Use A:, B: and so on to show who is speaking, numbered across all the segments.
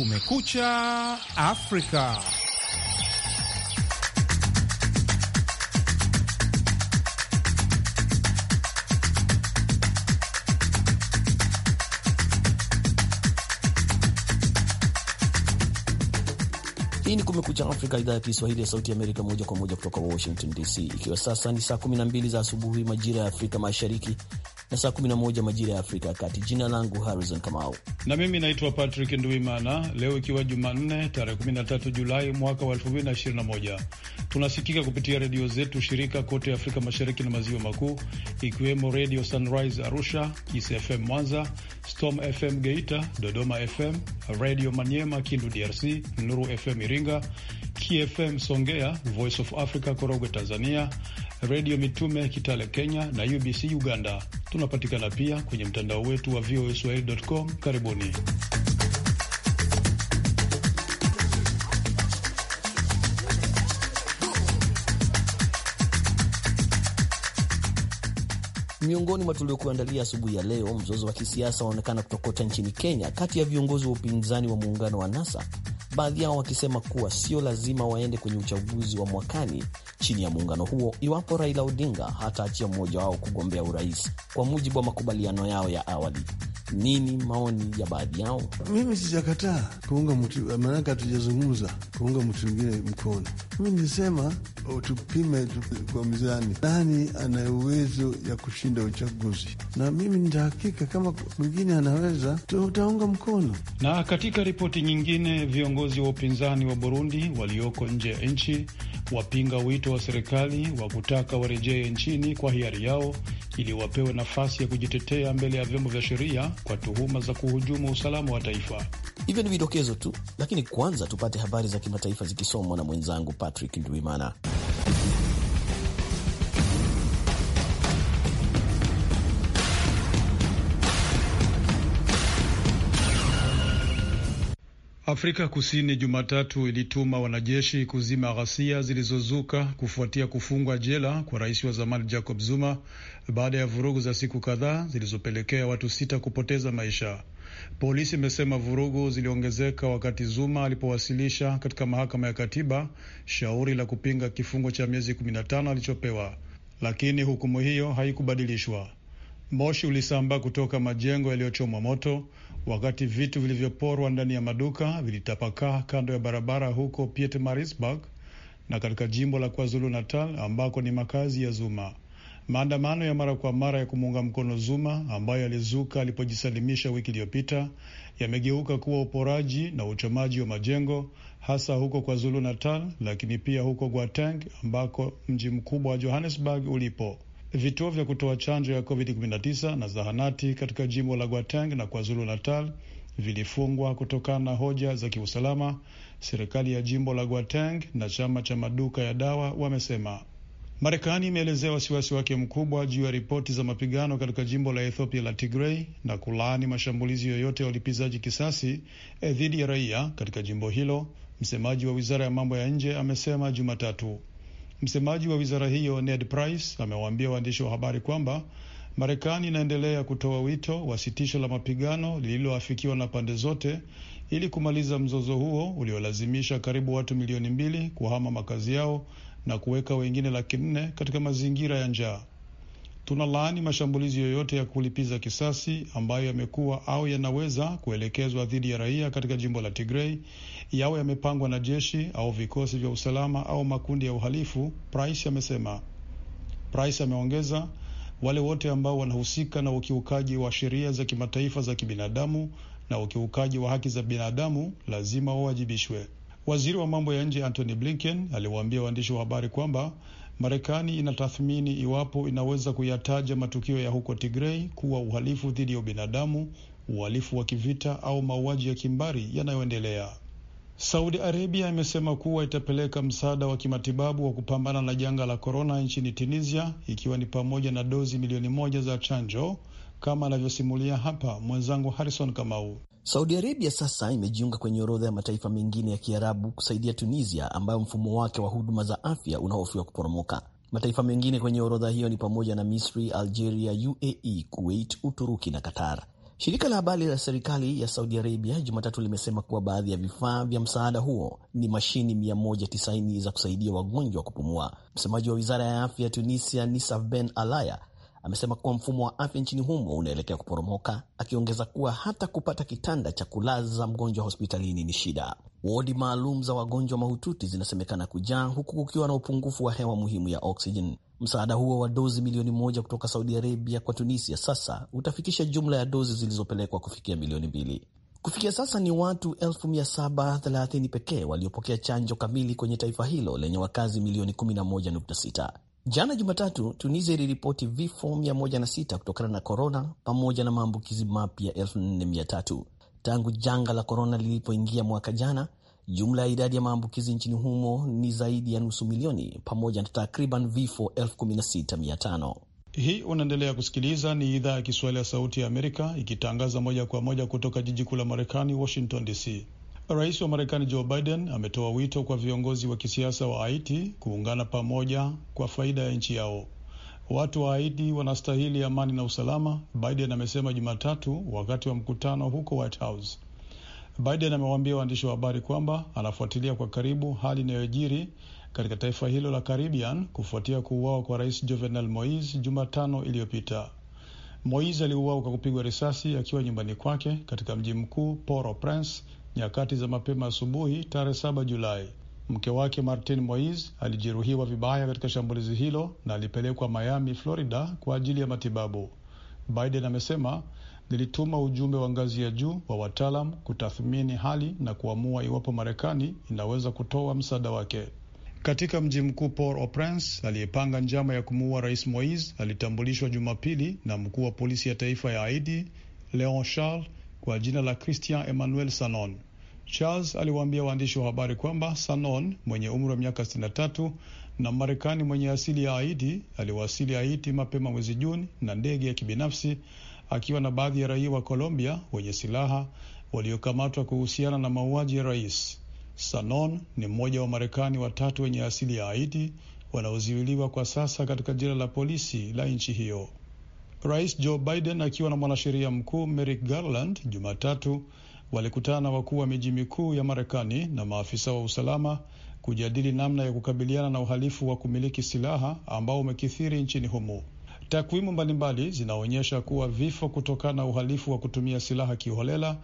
A: Kumekucha Afrika.
B: Hii ni Kumekucha Afrika, idhaa ya Kiswahili ya Sauti ya Amerika, moja kwa moja kutoka Washington DC, ikiwa sasa ni saa 12 za asubuhi majira ya Afrika Mashariki, na saa 11 majira ya Afrika ya Kati. Jina langu Harrison Kamau
A: na mimi naitwa Patrick Nduimana. Leo ikiwa Jumanne tarehe 13 Julai mwaka wa 2021 Tunasikika kupitia redio zetu shirika kote Afrika Mashariki na Maziwa Makuu, ikiwemo Redio Sunrise Arusha, KisFM Mwanza, Storm FM Geita, Dodoma FM, Redio Maniema Kindu DRC, Nuru FM Iringa, KFM Songea, Voice of Africa Korogwe Tanzania, Redio Mitume Kitale Kenya na UBC Uganda. Tunapatikana pia kwenye mtandao wetu wa VOA Swahili.com. Karibuni.
B: Miongoni mwa tuliokuandalia asubuhi ya leo, mzozo wa kisiasa waonekana kutokota nchini Kenya kati ya viongozi wa upinzani wa muungano wa NASA, baadhi yao wakisema kuwa sio lazima waende kwenye uchaguzi wa mwakani chini ya muungano huo iwapo Raila Odinga hataachia mmoja wao kugombea urais kwa mujibu wa makubaliano yao ya awali. Nini maoni ya baadhi yao?
A: Mimi sijakataa kuunga mtu, maanake hatujazungumza kuunga mtu mwingine mkono. Mimi nisema oh, tupime kwa mizani, nani ana uwezo ya kushinda uchaguzi, na mimi nitahakika kama mwingine anaweza, tutaunga mkono. Na katika ripoti nyingine, viongozi wa upinzani wa Burundi walioko nje ya nchi wapinga wito wa serikali wa kutaka warejee nchini kwa hiari yao ili wapewe nafasi ya kujitetea mbele ya vyombo vya sheria kwa tuhuma za kuhujumu usalama wa taifa. Hivyo ni vidokezo tu, lakini kwanza tupate habari za kimataifa zikisomwa
B: na mwenzangu Patrick Ndwimana.
A: Afrika Kusini Jumatatu ilituma wanajeshi kuzima ghasia zilizozuka kufuatia kufungwa jela kwa rais wa zamani Jacob Zuma baada ya vurugu za siku kadhaa zilizopelekea watu sita kupoteza maisha. Polisi imesema vurugu ziliongezeka wakati Zuma alipowasilisha katika mahakama ya katiba shauri la kupinga kifungo cha miezi 15 alichopewa, lakini hukumu hiyo haikubadilishwa. Moshi ulisambaa kutoka majengo yaliyochomwa moto, wakati vitu vilivyoporwa ndani ya maduka vilitapakaa kando ya barabara huko Pietermaritzburg na katika jimbo la KwaZulu Natal ambako ni makazi ya Zuma. Maandamano ya mara kwa mara ya kumuunga mkono Zuma ambayo yalizuka alipojisalimisha wiki iliyopita yamegeuka kuwa uporaji na uchomaji wa majengo hasa huko KwaZulu Natal, lakini pia huko Gauteng ambako mji mkubwa wa Johannesburg ulipo. Vituo vya kutoa chanjo ya COVID-19 na zahanati katika jimbo la Gwateng na KwaZulu Natal vilifungwa kutokana na hoja za kiusalama, serikali ya jimbo la Gwateng na chama cha maduka ya dawa wamesema. Marekani imeelezea wasiwasi wake mkubwa juu ya ripoti za mapigano katika jimbo la Ethiopia la Tigrei na kulaani mashambulizi yoyote ya ulipizaji kisasi eh, dhidi ya raia katika jimbo hilo, msemaji wa wizara ya mambo ya nje amesema Jumatatu. Msemaji wa wizara hiyo Ned Price amewaambia waandishi wa habari kwamba Marekani inaendelea kutoa wito wa sitisho la mapigano lililoafikiwa na pande zote ili kumaliza mzozo huo uliolazimisha karibu watu milioni mbili kuhama makazi yao na kuweka wengine laki nne katika mazingira ya njaa. Tunalaani mashambulizi yoyote ya kulipiza kisasi ambayo yamekuwa au yanaweza kuelekezwa dhidi ya raia katika jimbo la Tigrei, yawe yamepangwa na jeshi au vikosi vya usalama au makundi ya uhalifu, Price amesema. Price ameongeza, wale wote ambao wanahusika na ukiukaji wa sheria za kimataifa za kibinadamu na ukiukaji wa haki za binadamu lazima wawajibishwe. Waziri wa mambo ya nje Antony Blinken aliwaambia waandishi wa habari kwamba Marekani inatathmini iwapo inaweza kuyataja matukio ya huko Tigrei kuwa uhalifu dhidi ya ubinadamu, uhalifu wa kivita au mauaji ya kimbari yanayoendelea. Saudi Arabia imesema kuwa itapeleka msaada wa kimatibabu wa kupambana na janga la korona nchini Tunisia, ikiwa ni pamoja na dozi milioni moja za chanjo, kama anavyosimulia hapa mwenzangu Harrison Kamau.
B: Saudi Arabia sasa imejiunga kwenye orodha ya mataifa mengine ya Kiarabu kusaidia Tunisia ambayo mfumo wake wa huduma za afya unahofiwa kuporomoka. Mataifa mengine kwenye orodha hiyo ni pamoja na Misri, Algeria, UAE, Kuwait, Uturuki na Qatar. Shirika la habari la serikali ya Saudi Arabia Jumatatu limesema kuwa baadhi ya vifaa vya msaada huo ni mashini 190 za kusaidia wagonjwa kupumua. Msemaji wa wizara ya afya ya Tunisia, Nisaf Ben Alaya, amesema kuwa mfumo wa afya nchini humo unaelekea kuporomoka, akiongeza kuwa hata kupata kitanda cha kulaza mgonjwa hospitalini ni shida. Wodi maalum za wagonjwa mahututi zinasemekana kujaa huku kukiwa na upungufu wa hewa muhimu ya oksijen Msaada huo wa dozi milioni moja kutoka Saudi Arabia kwa Tunisia sasa utafikisha jumla ya dozi zilizopelekwa kufikia milioni mbili. Kufikia sasa ni watu 730 pekee waliopokea chanjo kamili kwenye taifa hilo lenye wakazi milioni 11.6. Jana Jumatatu, Tunisia iliripoti vifo 106 kutokana na korona pamoja na maambukizi mapya 4300 tangu janga la korona lilipoingia mwaka jana. Jumla ya idadi ya maambukizi nchini humo ni zaidi ya nusu milioni pamoja na takriban vifo 16500.
A: Hii unaendelea kusikiliza, ni idhaa ya Kiswahili ya Sauti ya Amerika ikitangaza moja kwa moja kutoka jiji kuu la Marekani, Washington DC. Rais wa Marekani Joe Biden ametoa wito kwa viongozi wa kisiasa wa Haiti kuungana pamoja kwa faida ya nchi yao. Watu wa Haiti wanastahili amani na usalama, Biden amesema Jumatatu wakati wa mkutano huko White House. Biden amewaambia waandishi wa habari kwamba anafuatilia kwa karibu hali inayojiri katika taifa hilo la Caribbean kufuatia kuuawa kwa rais Jovenel Moise Jumatano iliyopita. Moise aliuawa kwa kupigwa risasi akiwa nyumbani kwake katika mji mkuu Port-au-Prince nyakati za mapema asubuhi tarehe 7 Julai. Mke wake Martin Moise alijeruhiwa vibaya katika shambulizi hilo na alipelekwa Miami, Florida, kwa ajili ya matibabu. Biden amesema nilituma ujumbe wa ngazi ya juu wa wataalam kutathmini hali na kuamua iwapo Marekani inaweza kutoa msaada wake. Katika mji mkuu Port-au-Prince, aliyepanga njama ya kumuua rais Moise alitambulishwa Jumapili na mkuu wa polisi ya taifa ya Haiti Leon Charles kwa jina la Christian Emmanuel Sanon. Charles aliwaambia waandishi wa habari kwamba Sanon mwenye umri wa miaka 63 na Marekani mwenye asili ya Haiti aliwasili Haiti mapema mwezi Juni na ndege ya kibinafsi akiwa na baadhi ya raia wa Colombia wenye silaha waliokamatwa kuhusiana na mauaji ya rais. Sanon ni mmoja wa Marekani watatu wenye asili ya Haiti wanaozuiliwa kwa sasa katika jela la polisi la nchi hiyo. Rais Joe Biden akiwa na mwanasheria mkuu Merrick Garland Jumatatu walikutana na wakuu wa miji mikuu ya Marekani na maafisa wa usalama kujadili namna ya kukabiliana na uhalifu wa kumiliki silaha ambao umekithiri nchini humo. Takwimu mbalimbali zinaonyesha kuwa vifo kutokana na uhalifu wa kutumia silaha kiholela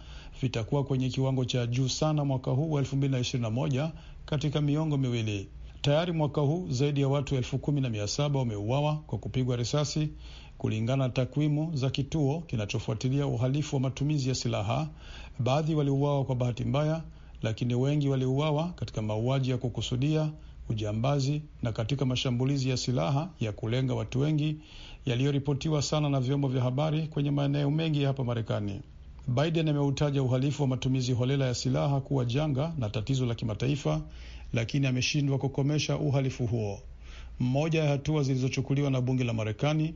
A: vitakuwa kwenye kiwango cha juu sana mwaka huu wa 2021 katika miongo miwili. Tayari mwaka huu zaidi ya watu elfu kumi na mia saba wameuawa kwa kupigwa risasi Kulingana na takwimu za kituo kinachofuatilia uhalifu wa matumizi ya silaha, baadhi waliuawa kwa bahati mbaya, lakini wengi waliuawa katika mauaji ya kukusudia, ujambazi na katika mashambulizi ya silaha ya kulenga watu wengi yaliyoripotiwa sana na vyombo vya habari kwenye maeneo mengi hapa Marekani. Biden ameutaja uhalifu wa matumizi holela ya silaha kuwa janga na tatizo la kimataifa, lakini ameshindwa kukomesha uhalifu huo. Mmoja ya hatua zilizochukuliwa na bunge la Marekani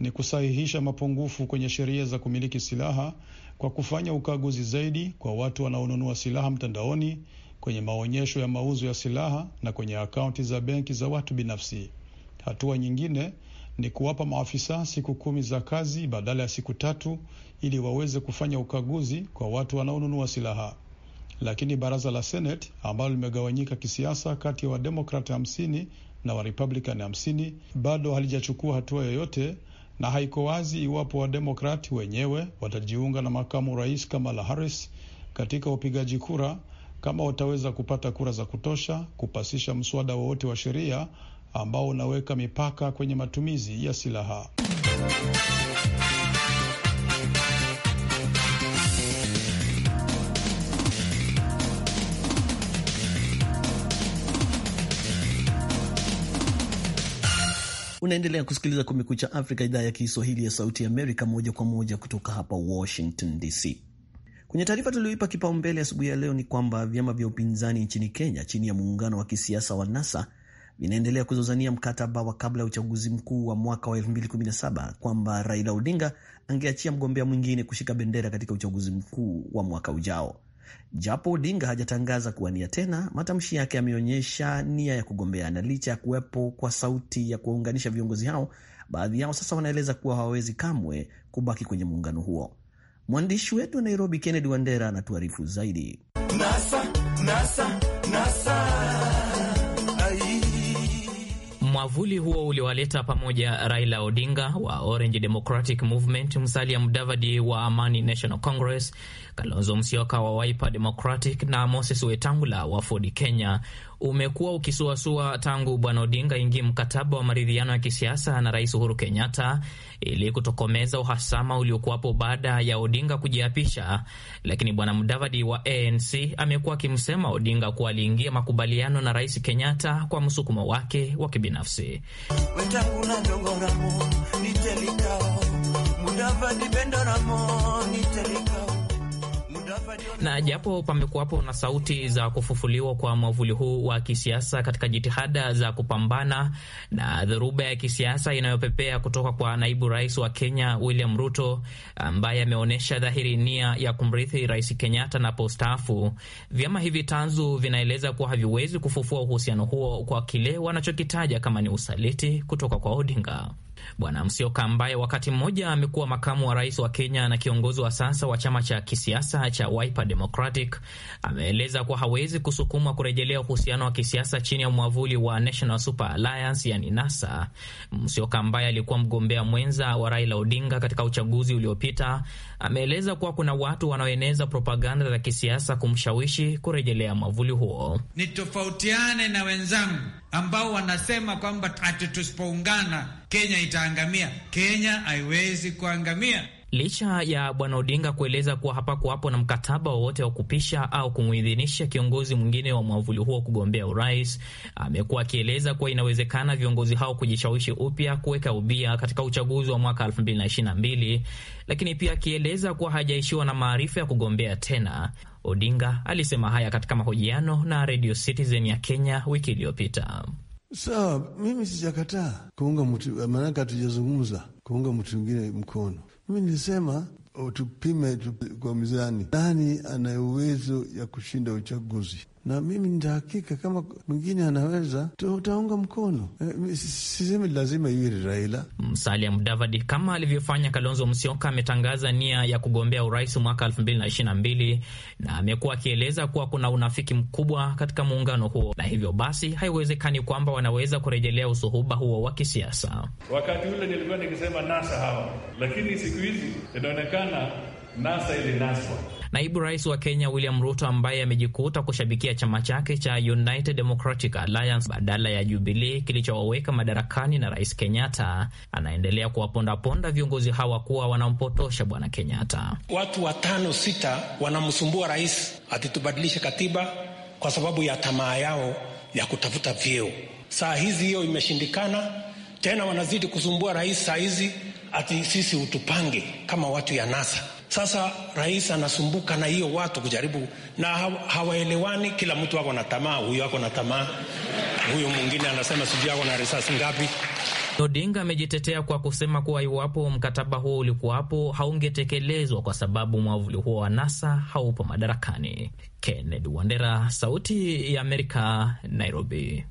A: ni kusahihisha mapungufu kwenye sheria za kumiliki silaha kwa kufanya ukaguzi zaidi kwa watu wanaonunua silaha mtandaoni, kwenye maonyesho ya mauzo ya silaha na kwenye akaunti za benki za watu binafsi. Hatua nyingine ni kuwapa maafisa siku kumi za kazi badala ya siku tatu ili waweze kufanya ukaguzi kwa watu wanaonunua silaha. Lakini baraza la Senate ambalo limegawanyika kisiasa kati ya Wademokrat 50 na Warepublican 50 bado halijachukua hatua yoyote na haiko wazi iwapo wademokrati wenyewe watajiunga na makamu rais Kamala Harris katika upigaji kura kama wataweza kupata kura za kutosha kupasisha mswada wowote wa sheria ambao unaweka mipaka kwenye matumizi ya silaha.
B: Unaendelea kusikiliza Kumekucha Afrika, idhaa ya Kiswahili ya Sauti ya Amerika, moja kwa moja kutoka hapa Washington DC. Kwenye taarifa tulioipa kipaumbele asubuhi ya leo ni kwamba vyama vya upinzani nchini Kenya chini ya muungano wa kisiasa wa NASA vinaendelea kuzozania mkataba wa kabla ya uchaguzi mkuu wa mwaka wa 2017 kwamba Raila Odinga angeachia mgombea mwingine kushika bendera katika uchaguzi mkuu wa mwaka ujao. Japo Odinga hajatangaza kuwania tena, matamshi yake yameonyesha nia ya kugombea na licha ya kuwepo kwa sauti ya kuwaunganisha viongozi hao. Baadhi yao sasa wanaeleza kuwa hawawezi kamwe kubaki kwenye muungano huo. Mwandishi wetu wa Nairobi, Kennedy Wandera, anatuarifu zaidi.
C: NASA, NASA. Mwavuli huo uliwaleta pamoja Raila Odinga wa Orange Democratic Movement, Musalia Mudavadi wa Amani National Congress, Kalonzo Musyoka wa Wiper Democratic na Moses Wetangula wa Ford Kenya umekuwa ukisuasua tangu bwana Odinga ingie mkataba wa maridhiano ya kisiasa na rais Uhuru Kenyatta ili kutokomeza uhasama uliokuwapo baada ya Odinga kujiapisha. Lakini bwana Mudavadi wa ANC amekuwa akimsema Odinga kuwa aliingia makubaliano na rais Kenyatta kwa msukumo wake wa kibinafsi. Kibinafsi. Na japo pamekuwapo na sauti za kufufuliwa kwa mwavuli huu wa kisiasa katika jitihada za kupambana na dhoruba ya kisiasa inayopepea kutoka kwa naibu rais wa Kenya William Ruto, ambaye ameonyesha dhahiri nia ya kumrithi Rais Kenyatta postafu, vyama hivi tanzu vinaeleza kuwa haviwezi kufufua uhusiano huo kwa kile wanachokitaja kama ni usaliti kutoka kwa Odinga. Bwana Msioka, ambaye wakati mmoja amekuwa makamu wa rais wa Kenya na kiongozi wa sasa wa chama cha kisiasa cha Wiper Democratic, ameeleza kuwa hawezi kusukumwa kurejelea uhusiano wa kisiasa chini ya mwavuli wa National Super Alliance, yani NASA. Msioka, ambaye alikuwa mgombea mwenza wa Raila Odinga katika uchaguzi uliopita, ameeleza kuwa kuna watu wanaoeneza propaganda za kisiasa kumshawishi kurejelea mwavuli huo.
D: Ni tofautiane na wenzangu ambao wanasema kwamba ati tusipoungana Kenya itaangamia. Kenya haiwezi kuangamia.
C: Licha ya Bwana Odinga kueleza kuwa hapakuwapo na mkataba wowote wa kupisha au kumwidhinisha kiongozi mwingine wa mwavuli huo kugombea urais, amekuwa akieleza kuwa inawezekana viongozi hao kujishawishi upya kuweka ubia katika uchaguzi wa mwaka 2022 lakini pia akieleza kuwa hajaishiwa na maarifa ya kugombea tena. Odinga alisema haya katika mahojiano na Radio Citizen ya Kenya wiki iliyopita.
A: Sawa, mimi sijakataa kuunga mtu, maanake hatujazungumza kuunga mtu mwingine mkono. Mimi nilisema oh, tupime kwa mizani, nani ana uwezo ya kushinda uchaguzi na mimi nina hakika kama mwingine anaweza tutaunga mkono. E, sisemi lazima iwe Raila.
C: Msalia Mudavadi kama alivyofanya Kalonzo Musyoka ametangaza nia ya kugombea urais mwaka 2022 na amekuwa akieleza kuwa kuna unafiki mkubwa katika muungano huo, na hivyo basi haiwezekani kwamba wanaweza kurejelea usuhuba huo wa kisiasa.
A: Wakati ule nilikuwa nikisema nasa hawa, lakini siku hizi inaonekana nasa ilinaswa
C: Naibu rais wa Kenya William Ruto, ambaye amejikuta kushabikia chama chake cha United Democratic Alliance badala ya Jubilee kilichowaweka madarakani na rais Kenyatta, anaendelea kuwapondaponda viongozi hawa kuwa wanampotosha bwana Kenyatta.
B: Watu watano sita wanamsumbua rais atitubadilishe katiba kwa sababu ya tamaa yao ya kutafuta vyeo. Saa hizi hiyo imeshindikana tena, wanazidi kusumbua rais saa hizi ati sisi utupange kama watu ya NASA. Sasa rais anasumbuka na hiyo watu kujaribu na hawaelewani, kila mtu ako na tamaa, huyu ako na tamaa, huyu mwingine anasema sijui ako na risasi ngapi.
C: Odinga amejitetea kwa kusema kuwa iwapo mkataba huo ulikuwapo haungetekelezwa kwa sababu mwavuli huo wa NASA haupo madarakani. Kennedy Wandera, Sauti ya Amerika, Nairobi.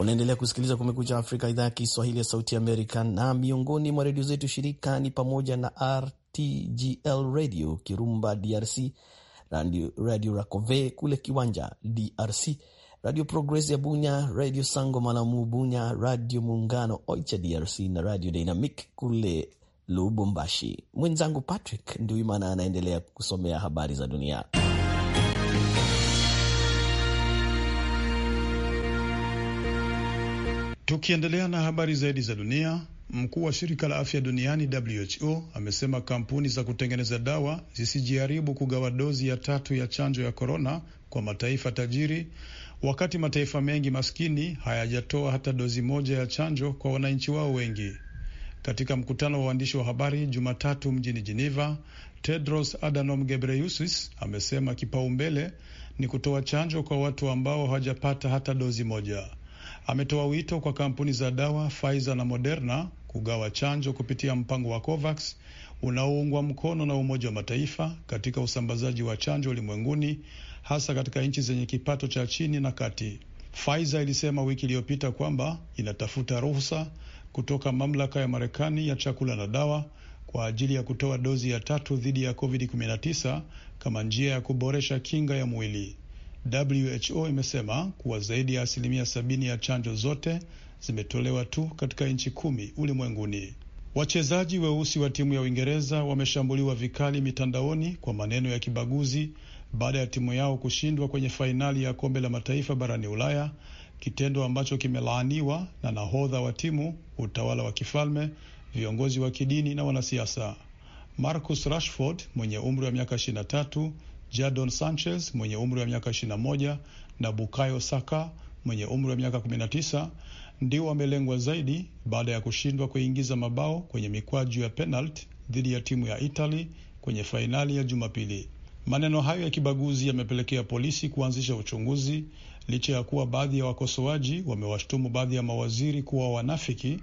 B: Unaendelea kusikiliza Kumekucha Afrika, idhaa ya Kiswahili ya Sauti Amerika, na miongoni mwa redio zetu shirika ni pamoja na RTGL Radio Kirumba DRC, Radio, radio Racove kule Kiwanja DRC, Radio Progress ya Bunya, Radio Sango Malamu Bunya, Radio Muungano Oicha DRC na Radio Dynamic kule Lubumbashi. Mwenzangu Patrick Nduimana anaendelea kusomea habari za dunia.
A: Tukiendelea na habari zaidi za dunia, mkuu wa shirika la afya duniani WHO amesema kampuni za kutengeneza dawa zisijaribu kugawa dozi ya tatu ya chanjo ya korona kwa mataifa tajiri, wakati mataifa mengi maskini hayajatoa hata dozi moja ya chanjo kwa wananchi wao wengi. Katika mkutano wa waandishi wa habari Jumatatu mjini Geneva, Tedros Adhanom Ghebreyesus amesema kipaumbele ni kutoa chanjo kwa watu ambao hawajapata hata dozi moja ametoa wito kwa kampuni za dawa Pfizer na Moderna kugawa chanjo kupitia mpango wa COVAX unaoungwa mkono na Umoja wa Mataifa katika usambazaji wa chanjo ulimwenguni, hasa katika nchi zenye kipato cha chini na kati. Pfizer ilisema wiki iliyopita kwamba inatafuta ruhusa kutoka mamlaka ya Marekani ya chakula na dawa kwa ajili ya kutoa dozi ya tatu dhidi ya COVID-19 kama njia ya kuboresha kinga ya mwili. WHO imesema kuwa zaidi ya asilimia sabini ya chanjo zote zimetolewa tu katika nchi kumi ulimwenguni. Wachezaji weusi wa timu ya Uingereza wameshambuliwa vikali mitandaoni kwa maneno ya kibaguzi baada ya timu yao kushindwa kwenye fainali ya kombe la mataifa barani Ulaya, kitendo ambacho kimelaaniwa na nahodha wa timu, utawala wa kifalme, viongozi wa kidini na wanasiasa. Marcus Rashford mwenye umri wa miaka 23 Jadon Sanchez mwenye umri wa miaka 21 na Bukayo Saka mwenye umri wa miaka 19 ndio wamelengwa zaidi baada ya kushindwa kuingiza mabao kwenye mikwaju ya penalti dhidi ya timu ya Italy kwenye fainali ya Jumapili. Maneno hayo ya kibaguzi yamepelekea polisi kuanzisha uchunguzi licha ya kuwa baadhi ya wakosoaji wamewashtumu baadhi ya mawaziri kuwa wanafiki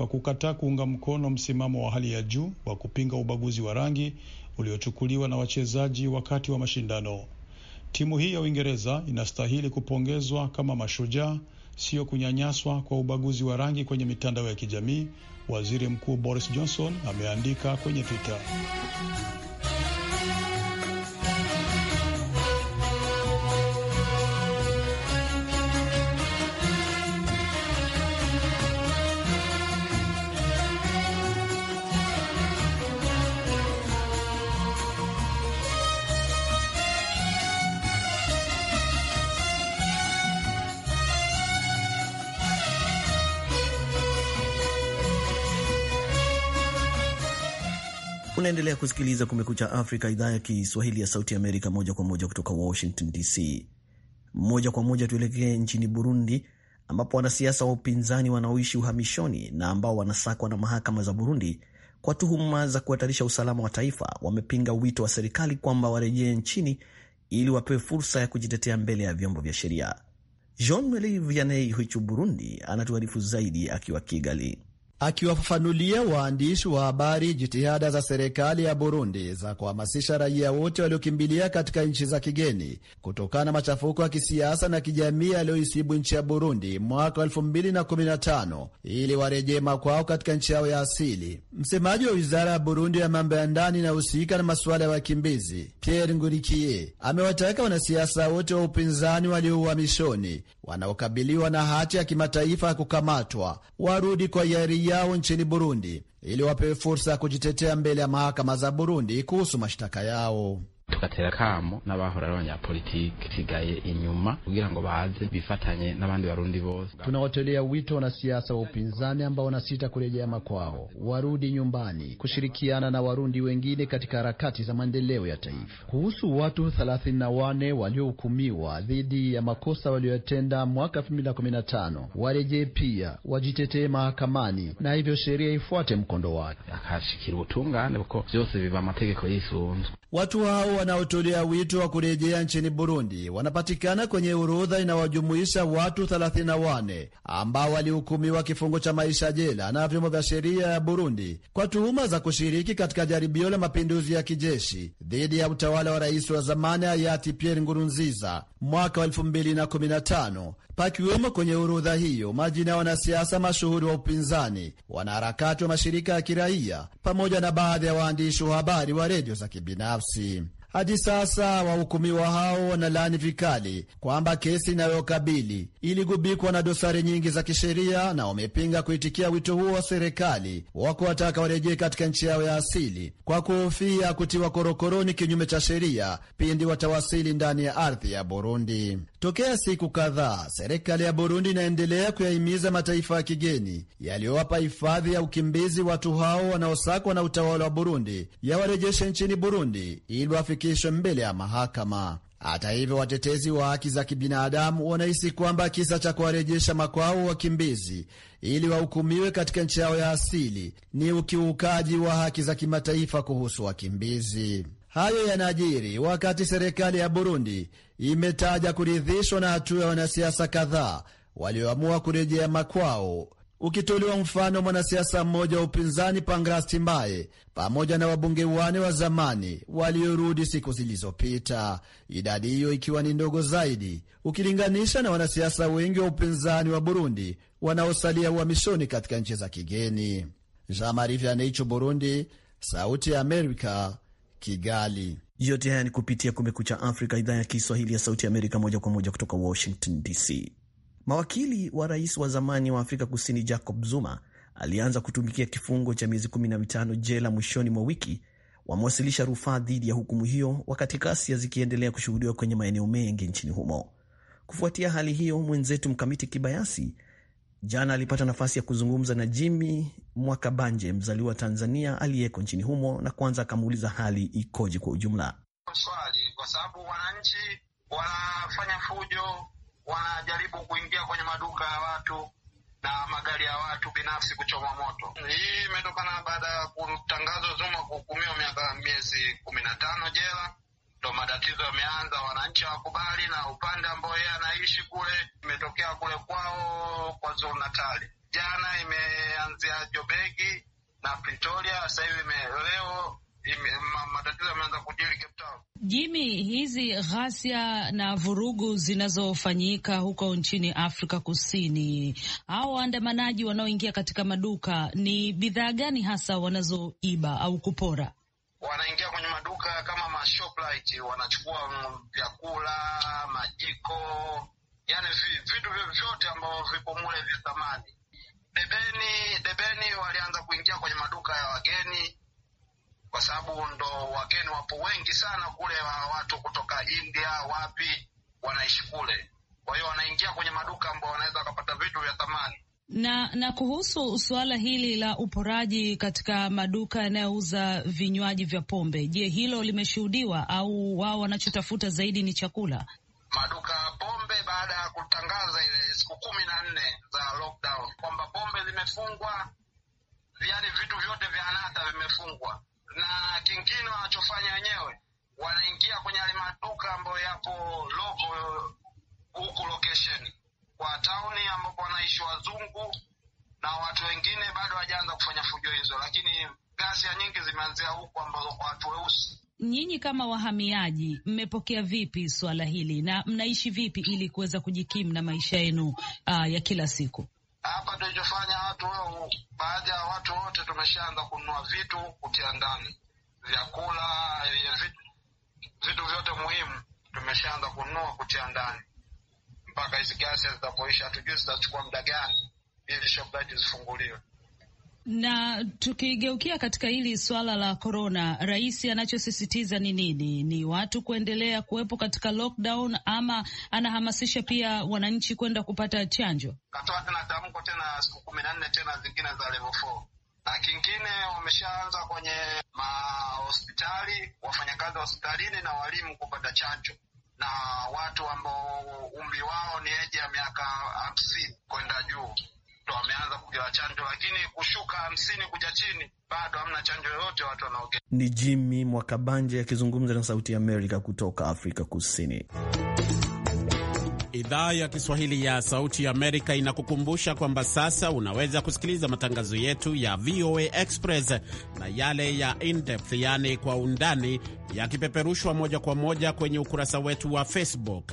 A: kwa kukataa kuunga mkono msimamo wa hali ya juu wa kupinga ubaguzi wa rangi uliochukuliwa na wachezaji wakati wa mashindano. Timu hii ya Uingereza inastahili kupongezwa kama mashujaa, sio kunyanyaswa kwa ubaguzi wa rangi kwenye mitandao ya kijamii, Waziri Mkuu Boris Johnson ameandika kwenye Twitter.
B: Unaendelea kusikiliza Kumekucha Afrika, idhaa ya Kiswahili ya Sauti Amerika, moja kwa moja kutoka Washington DC. Moja kwa moja tuelekee nchini Burundi, ambapo wanasiasa wa upinzani wanaoishi uhamishoni na ambao wanasakwa na mahakama za Burundi kwa tuhuma za kuhatarisha usalama wa taifa wamepinga wito wa serikali kwamba warejee nchini ili wapewe fursa ya kujitetea mbele ya vyombo vya sheria. Jean Meli Vianney Hichu, Burundi, anatuarifu zaidi akiwa Kigali.
E: Akiwafafanulia waandishi wa habari jitihada za serikali ya Burundi za kuhamasisha raia wote waliokimbilia katika nchi za kigeni kutokana na machafuko ya kisiasa na kijamii yaliyoisibu nchi ya Burundi mwaka 2015 ili warejee makwao katika nchi yao ya asili, msemaji wa wizara ya Burundi ya mambo ya ndani inayohusika na masuala ya wakimbizi Pierre Ngurikie amewataka wanasiasa wote wa upinzani walio wanaokabiliwa na hati ya kimataifa ya kukamatwa warudi kwa yari yao nchini Burundi ili wapewe fursa ya kujitetea mbele ya mahakama za Burundi kuhusu mashtaka yao
D: tukatera kamo n'abahora ari abanyapolitiki sigaye inyuma kugira ngo baze bifatanye n'abandi barundi bose.
E: Tunawatolea wito siasa wa upinzani ambao wanasita kurejea makwao, warudi nyumbani kushirikiana na warundi wengine katika harakati za maendeleo ya taifa. Kuhusu watu 34 wane waliohukumiwa dhidi ya makosa walioyatenda mwaka 2015 warejee pia wajitetee mahakamani, na hivyo sheria ifuate mkondo wake, akashikira ubutungane kuko vyose biba amategeko
D: yisunzwe.
E: Watu hao wanaotolea wito wa kurejea nchini Burundi wanapatikana kwenye orodha inawajumuisha watu 34 ambao walihukumiwa kifungo cha maisha jela na vyombo vya sheria ya Burundi kwa tuhuma za kushiriki katika jaribio la mapinduzi ya kijeshi dhidi ya utawala wa rais wa zamani hayati Pierre Ngurunziza mwaka 2015, pakiwemo kwenye orodha hiyo majina ya wanasiasa mashuhuri wa upinzani, wanaharakati wa mashirika ya kiraia pamoja na baadhi ya waandishi wa habari wa redio za kibinafsi. Hadi sasa wahukumiwa hao wanalaani vikali kwamba kesi inayokabili iligubikwa na dosari nyingi za kisheria, na wamepinga kuitikia wito huo wa serikali wa kuwataka warejee katika nchi yao ya asili kwa kuhofia kutiwa korokoroni kinyume cha sheria pindi watawasili ndani ya ardhi ya Burundi. Tokea siku kadhaa, serikali ya Burundi inaendelea kuyahimiza mataifa ya kigeni yaliyowapa hifadhi ya ukimbizi watu hao wanaosakwa na utawala wa Burundi yawarejeshe nchini Burundi ili wafikishwe mbele ya mahakama. Hata hivyo watetezi wa haki za kibinadamu wanahisi kwamba kisa cha kuwarejesha makwao wakimbizi ili wahukumiwe katika nchi yao ya asili ni ukiukaji wa haki za kimataifa kuhusu wakimbizi. Hayo yanajiri wakati serikali ya Burundi imetaja kuridhishwa na hatua ya wanasiasa kadhaa walioamua kurejea makwao, ukitoliwa mfano mwanasiasa mmoja wa upinzani Pangras Timbaye pamoja na wabunge wane wa zamani waliorudi siku zilizopita, idadi hiyo ikiwa ni ndogo zaidi ukilinganisha na wanasiasa wengi wa upinzani wa Burundi wanaosalia uhamishoni katika nchi za kigeni. Jean Marie Vianney, Burundi, Sauti ya Amerika,
B: Kigali. Yote haya ni kupitia Kumekucha Afrika, idhaa ya Kiswahili ya Sauti Amerika, moja kwa moja kutoka Washington DC. Mawakili wa rais wa zamani wa Afrika Kusini Jacob Zuma alianza kutumikia kifungo cha miezi 15 jela mwishoni mwa wiki wamewasilisha rufaa dhidi ya hukumu hiyo, wakati ghasia zikiendelea kushuhudiwa kwenye maeneo mengi nchini humo. Kufuatia hali hiyo, mwenzetu Mkamiti Kibayasi Jana alipata nafasi ya kuzungumza na Jimmy Mwakabanje, mzaliwa Tanzania aliyeko nchini humo, na kwanza akamuuliza hali ikoje kwa ujumla.
F: Swali kwa sababu wananchi wanafanya fujo, wanajaribu kuingia kwenye maduka ya watu na magari ya watu binafsi kuchoma moto. Hii imetokana baada ya kutangazwa Zuma kuhukumiwa miaka miezi kumi na tano jela ndo matatizo yameanza, wananchi hawakubali, na upande ambao yeye anaishi kule, imetokea kule kwao kwa Zulu Natali, jana imeanzia Jobegi na Pretoria, sasa hivi leo matatizo yameanza kujiri
G: Cape Town. Jimi, hizi ghasia na vurugu zinazofanyika huko nchini Afrika Kusini, hao waandamanaji wanaoingia katika maduka, ni bidhaa gani hasa wanazoiba au kupora?
F: wanaingia kwenye maduka kama mashoplite, wanachukua vyakula, majiko, yani vitu vyote ambavyo vipo mule vya thamani. Debeni debeni walianza kuingia kwenye maduka ya wageni, kwa sababu ndo wageni wapo wengi sana kule, watu kutoka India wapi
G: wanaishi kule. Kwa hiyo wanaingia kwenye maduka ambao wanaweza wakapata vitu vya thamani na na kuhusu suala hili la uporaji katika maduka yanayouza vinywaji vya pombe, je, hilo limeshuhudiwa au wao wanachotafuta zaidi ni chakula? Maduka
F: ya pombe baada ya kutangaza ile siku kumi na nne za lockdown kwamba pombe zimefungwa, yani vitu vyote vya nata vimefungwa, na kingine wanachofanya wenyewe, wanaingia kwenye yale maduka ambayo yapo logo huku lokesheni kwa tauni ambapo wanaishi wazungu na watu wengine bado hawajaanza kufanya fujo hizo, lakini ghasia nyingi zimeanzia huko ambazo kwa watu
G: weusi. Nyinyi kama wahamiaji mmepokea vipi swala hili na mnaishi vipi ili kuweza kujikimu na maisha yenu ah, ya kila siku?
F: Hapa tulichofanya watu wao, baadhi ya watu wote tumeshaanza kununua vitu kutia ndani, vyakula, eh, vitu, vitu vyote muhimu tumeshaanza kununua kutia ndani mpaka hizi gasi zitapoisha. Hatujui zitachukua muda gani ili shoprite zifunguliwe
G: na tukigeukia katika hili swala la korona, rais anachosisitiza ni nini? Ni watu kuendelea kuwepo katika lockdown, ama anahamasisha pia wananchi kwenda kupata chanjo? Katoa tena tamko
F: tena siku kumi na nne tena zingine za level four, na kingine wameshaanza kwenye mahospitali, wafanyakazi wa hospitalini na walimu kupata chanjo na watu ambao umri wao ni eji ya miaka hamsini
B: kwenda juu ndo wameanza kupewa chanjo, lakini kushuka hamsini kuja chini bado hamna chanjo yoyote watu wanaogea. Ni Jimmy Mwakabanje akizungumza na Sauti ya Amerika kutoka Afrika Kusini. Idhaa ya Kiswahili ya Sauti ya Amerika inakukumbusha kwamba sasa unaweza kusikiliza matangazo yetu ya VOA Express na yale ya in-depth, yaani kwa undani, yakipeperushwa moja kwa moja kwenye ukurasa wetu wa Facebook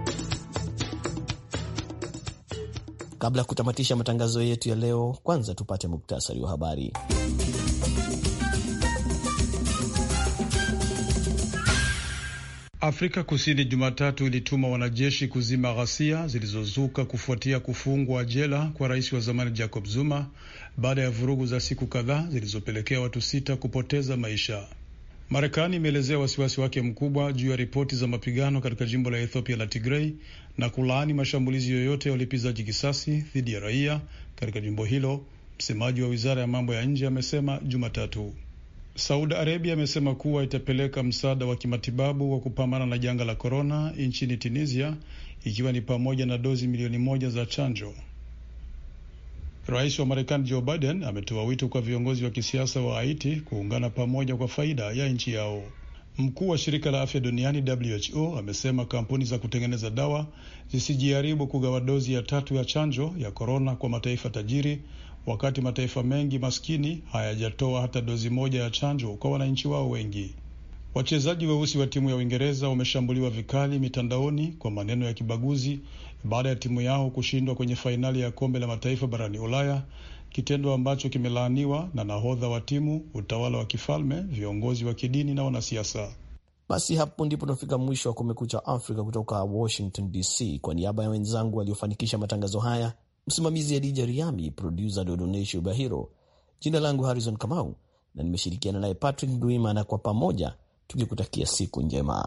B: Kabla ya kutamatisha matangazo yetu ya leo, kwanza tupate muktasari wa habari.
A: Afrika Kusini Jumatatu ilituma wanajeshi kuzima ghasia zilizozuka kufuatia kufungwa jela kwa rais wa zamani Jacob Zuma baada ya vurugu za siku kadhaa zilizopelekea watu sita kupoteza maisha. Marekani imeelezea wasiwasi wake mkubwa juu ya ripoti za mapigano katika jimbo la Ethiopia la Tigrei na kulaani mashambulizi yoyote ya ulipizaji kisasi dhidi ya raia katika jimbo hilo. Msemaji wa wizara ya mambo ya nje amesema Jumatatu. Saudi Arabia amesema kuwa itapeleka msaada wa kimatibabu wa kupambana na janga la korona nchini Tunisia, ikiwa ni pamoja na dozi milioni moja za chanjo Rais wa Marekani Joe Biden ametoa wito kwa viongozi wa kisiasa wa Haiti kuungana pamoja kwa faida ya nchi yao. Mkuu wa shirika la afya duniani WHO amesema kampuni za kutengeneza dawa zisijaribu kugawa dozi ya tatu ya chanjo ya korona kwa mataifa tajiri, wakati mataifa mengi maskini hayajatoa hata dozi moja ya chanjo kwa wananchi wao wengi. Wachezaji weusi wa timu ya Uingereza wameshambuliwa vikali mitandaoni kwa maneno ya kibaguzi baada ya timu yao kushindwa kwenye fainali ya kombe la mataifa barani Ulaya, kitendo ambacho kimelaaniwa na nahodha wa timu, utawala wa kifalme, viongozi wa kidini na wanasiasa. Basi
B: hapo ndipo tunafika mwisho wa Kumekucha Afrika kutoka Washington DC. Kwa niaba ya wenzangu waliofanikisha matangazo haya, msimamizi Adija Riami, produsa Dodoneshu Bahiro, jina langu Harrison Kamau na nimeshirikiana naye Patrick Dwimana, kwa pamoja tukikutakia siku njema.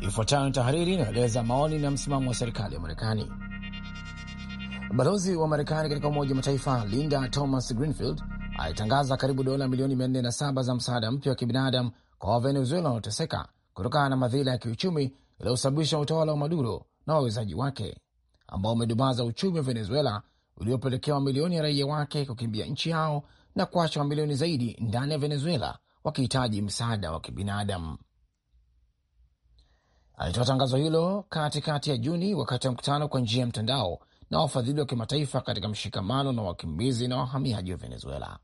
D: Ifuatayo ni tahariri inaeleza maoni na msimamo wa serikali ya Marekani. Balozi wa Marekani katika Umoja wa Mataifa Linda Thomas Greenfield alitangaza karibu dola milioni 407 za msaada mpya wa kibinadamu kwa Wavenezuela wanaoteseka kutokana na madhila ya kiuchumi yaliyosababisha utawala wa Maduro na wawezaji wake ambao umedumaza uchumi wa Venezuela uliopelekea mamilioni ya raia wake kukimbia nchi yao na kuacha mamilioni zaidi ndani ya Venezuela wakihitaji msaada wa kibinadamu. Alitoa tangazo hilo katikati kati ya Juni wakati wa mkutano kwa njia ya mtandao na wafadhili wa kimataifa katika mshikamano na wakimbizi na wahamiaji wa Venezuela.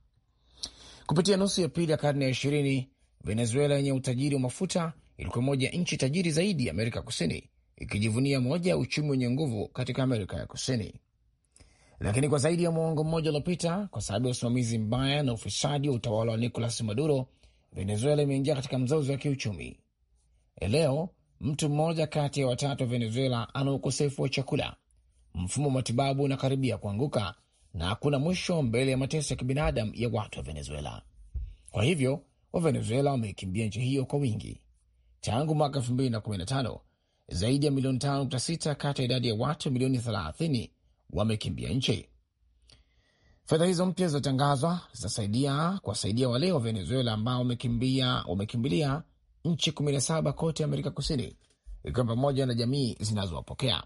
D: Kupitia nusu ya pili ya karne ya ishirini, Venezuela yenye utajiri wa mafuta ilikuwa moja ya nchi tajiri zaidi ya Amerika Kusini ikijivunia moja ya uchumi wenye nguvu katika Amerika ya Kusini. Lakini kwa zaidi ya mwongo mmoja uliopita, kwa sababu ya usimamizi mbaya na ufisadi wa utawala wa Nicolas Maduro, Venezuela imeingia katika mzozo wa kiuchumi. E, leo mtu mmoja kati ya watatu wa Venezuela ana ukosefu wa chakula, mfumo wa matibabu unakaribia kuanguka na hakuna mwisho mbele ya mateso ya kibinadamu ya watu wa Venezuela. Kwa hivyo Wavenezuela wameikimbia nchi hiyo kwa wingi. Tangu mwaka 2015 zaidi ya milioni 5.6 kati ya idadi ya watu milioni 30 wamekimbia nchi. Fedha hizo mpya zilizotangazwa zitasaidia kuwasaidia wale wa Venezuela ambao wamekimbilia nchi 17 kote Amerika Kusini, ikiwa pamoja na jamii zinazowapokea.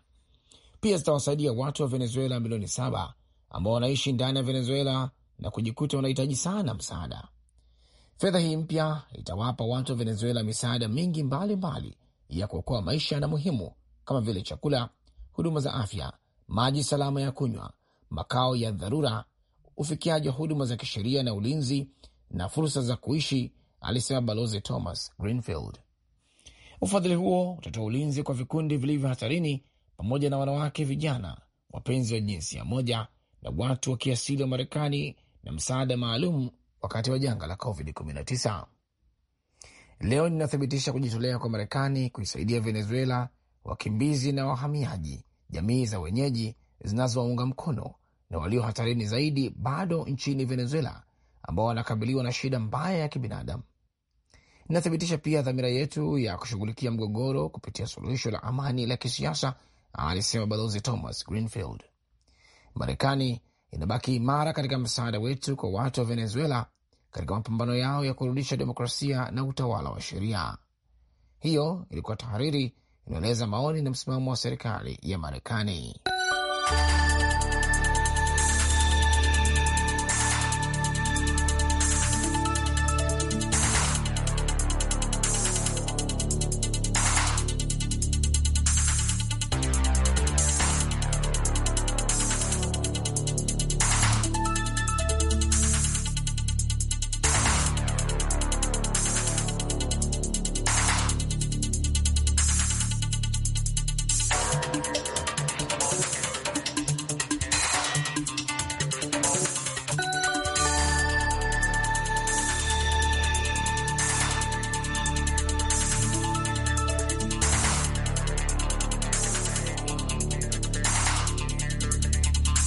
D: Pia zitawasaidia watu wa Venezuela milioni saba ambao wanaishi ndani ya Venezuela na kujikuta wanahitaji sana msaada. Fedha hii mpya itawapa watu wa Venezuela misaada mingi mbalimbali ya kuokoa maisha na muhimu kama vile chakula, huduma za afya, maji salama ya kunywa, makao ya dharura, ufikiaji wa huduma za kisheria na ulinzi na fursa za kuishi, alisema Balozi Thomas Greenfield. Ufadhili huo utatoa ulinzi kwa vikundi vilivyo hatarini pamoja na wanawake, vijana, wapenzi wa jinsia moja na watu wa kiasili wa Marekani na msaada maalum wakati wa janga la COVID-19 leo linathibitisha kujitolea kwa Marekani kuisaidia Venezuela, wakimbizi na wahamiaji, jamii za wenyeji zinazowaunga mkono na walio hatarini zaidi bado nchini Venezuela, ambao wanakabiliwa na shida mbaya ya kibinadamu. Inathibitisha pia dhamira yetu ya kushughulikia mgogoro kupitia suluhisho la amani la kisiasa, alisema Balozi Thomas Greenfield. Marekani inabaki imara katika msaada wetu kwa watu wa Venezuela katika mapambano yao ya kurudisha demokrasia na utawala wa sheria. Hiyo ilikuwa tahariri inaeleza maoni na msimamo wa serikali ya Marekani.